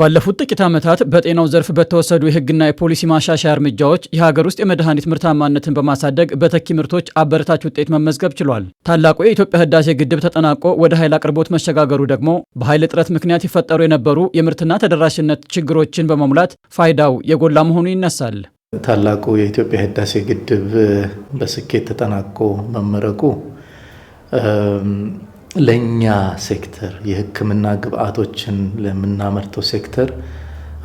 ባለፉት ጥቂት ዓመታት በጤናው ዘርፍ በተወሰዱ የሕግና የፖሊሲ ማሻሻያ እርምጃዎች የሀገር ውስጥ የመድኃኒት ምርታማነትን በማሳደግ በተኪ ምርቶች አበረታች ውጤት መመዝገብ ችሏል። ታላቁ የኢትዮጵያ ህዳሴ ግድብ ተጠናቆ ወደ ኃይል አቅርቦት መሸጋገሩ ደግሞ በኃይል እጥረት ምክንያት ይፈጠሩ የነበሩ የምርትና ተደራሽነት ችግሮችን በመሙላት ፋይዳው የጎላ መሆኑ ይነሳል። ታላቁ የኢትዮጵያ ህዳሴ ግድብ በስኬት ተጠናቆ መመረቁ ለእኛ ሴክተር የህክምና ግብአቶችን ለምናመርተው ሴክተር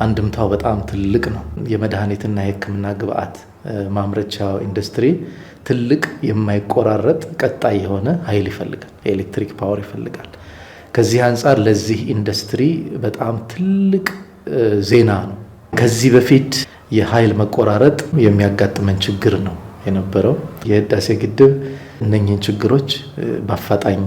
አንድምታው በጣም ትልቅ ነው። የመድኃኒትና የህክምና ግብአት ማምረቻው ኢንዱስትሪ ትልቅ የማይቆራረጥ ቀጣይ የሆነ ኃይል ይፈልጋል። የኤሌክትሪክ ፓወር ይፈልጋል። ከዚህ አንጻር ለዚህ ኢንዱስትሪ በጣም ትልቅ ዜና ነው። ከዚህ በፊት የኃይል መቆራረጥ የሚያጋጥመን ችግር ነው የነበረው። የህዳሴ ግድብ እነኝህን ችግሮች በአፋጣኝ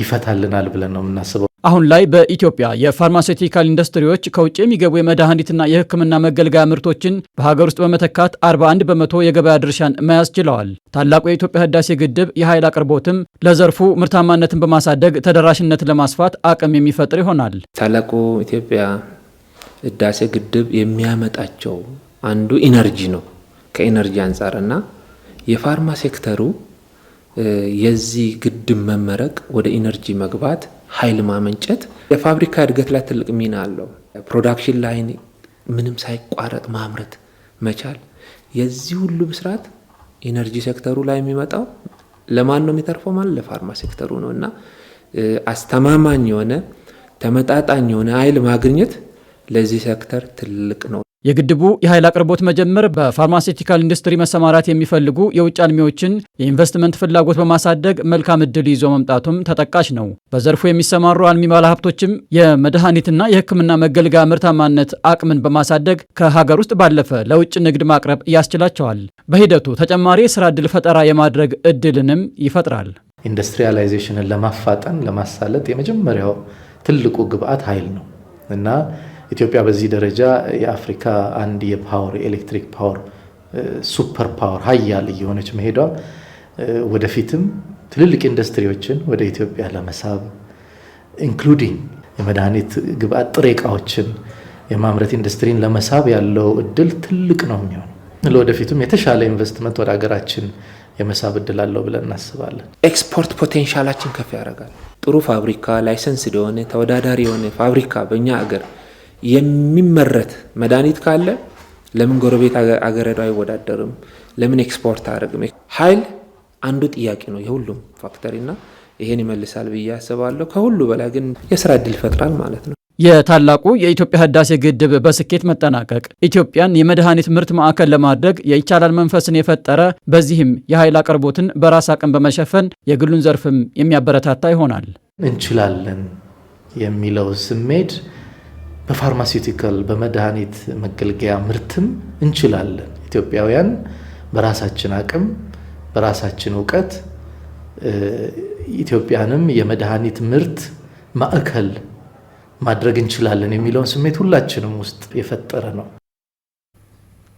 ይፈታልናል ብለን ነው የምናስበው። አሁን ላይ በኢትዮጵያ የፋርማሴቲካል ኢንዱስትሪዎች ከውጭ የሚገቡ የመድኃኒትና የሕክምና መገልገያ ምርቶችን በሀገር ውስጥ በመተካት 41 በመቶ የገበያ ድርሻን መያዝ ችለዋል። ታላቁ የኢትዮጵያ ህዳሴ ግድብ የኃይል አቅርቦትም ለዘርፉ ምርታማነትን በማሳደግ ተደራሽነትን ለማስፋት አቅም የሚፈጥር ይሆናል። ታላቁ ኢትዮጵያ ህዳሴ ግድብ የሚያመጣቸው አንዱ ኢነርጂ ነው። ከኢነርጂ አንጻርና የፋርማ ሴክተሩ የዚህ ግድብ መመረቅ ወደ ኢነርጂ መግባት ኃይል ማመንጨት የፋብሪካ እድገት ላይ ትልቅ ሚና አለው። ፕሮዳክሽን ላይን ምንም ሳይቋረጥ ማምረት መቻል የዚህ ሁሉ ብስራት ኢነርጂ ሴክተሩ ላይ የሚመጣው ለማን ነው የሚተርፈው? ማለት ለፋርማ ሴክተሩ ነው እና አስተማማኝ የሆነ ተመጣጣኝ የሆነ ኃይል ማግኘት ለዚህ ሴክተር ትልቅ ነው። የግድቡ የኃይል አቅርቦት መጀመር በፋርማሲውቲካል ኢንዱስትሪ መሰማራት የሚፈልጉ የውጭ አልሚዎችን የኢንቨስትመንት ፍላጎት በማሳደግ መልካም እድል ይዞ መምጣቱም ተጠቃሽ ነው። በዘርፉ የሚሰማሩ አልሚ ባለሀብቶችም የመድኃኒትና የሕክምና መገልገያ ምርታማነት አቅምን በማሳደግ ከሀገር ውስጥ ባለፈ ለውጭ ንግድ ማቅረብ ያስችላቸዋል። በሂደቱ ተጨማሪ የስራ እድል ፈጠራ የማድረግ እድልንም ይፈጥራል። ኢንዱስትሪያላይዜሽንን ለማፋጠን ለማሳለጥ የመጀመሪያው ትልቁ ግብአት ኃይል ነው እና ኢትዮጵያ በዚህ ደረጃ የአፍሪካ አንድ የፓወር የኤሌክትሪክ ፓወር ሱፐር ፓወር ሀያል እየሆነች መሄዷ ወደፊትም ትልልቅ ኢንዱስትሪዎችን ወደ ኢትዮጵያ ለመሳብ ኢንክሉዲንግ የመድኃኒት ግብአት ጥሬ እቃዎችን የማምረት ኢንዱስትሪን ለመሳብ ያለው እድል ትልቅ ነው የሚሆነ ለወደፊቱም የተሻለ ኢንቨስትመንት ወደ ሀገራችን የመሳብ እድል አለው ብለን እናስባለን። ኤክስፖርት ፖቴንሻላችን ከፍ ያደርጋል። ጥሩ ፋብሪካ ላይሰንስ የሆነ ተወዳዳሪ የሆነ ፋብሪካ በእኛ ሀገር የሚመረት መድኃኒት ካለ ለምን ጎረቤት አገረዶ አይወዳደርም? ለምን ኤክስፖርት አያደርግም? ኃይል አንዱ ጥያቄ ነው የሁሉም ፋክተሪ እና ይሄን ይመልሳል ብዬ አስባለሁ። ከሁሉ በላይ ግን የስራ እድል ይፈጥራል ማለት ነው። የታላቁ የኢትዮጵያ ህዳሴ ግድብ በስኬት መጠናቀቅ ኢትዮጵያን የመድኃኒት ምርት ማዕከል ለማድረግ የይቻላል መንፈስን የፈጠረ በዚህም የኃይል አቅርቦትን በራስ አቅም በመሸፈን የግሉን ዘርፍም የሚያበረታታ ይሆናል። እንችላለን የሚለው ስሜት በፋርማሲውቲካል በመድኃኒት መገልገያ ምርትም እንችላለን። ኢትዮጵያውያን በራሳችን አቅም በራሳችን እውቀት ኢትዮጵያንም የመድኃኒት ምርት ማዕከል ማድረግ እንችላለን የሚለውን ስሜት ሁላችንም ውስጥ የፈጠረ ነው።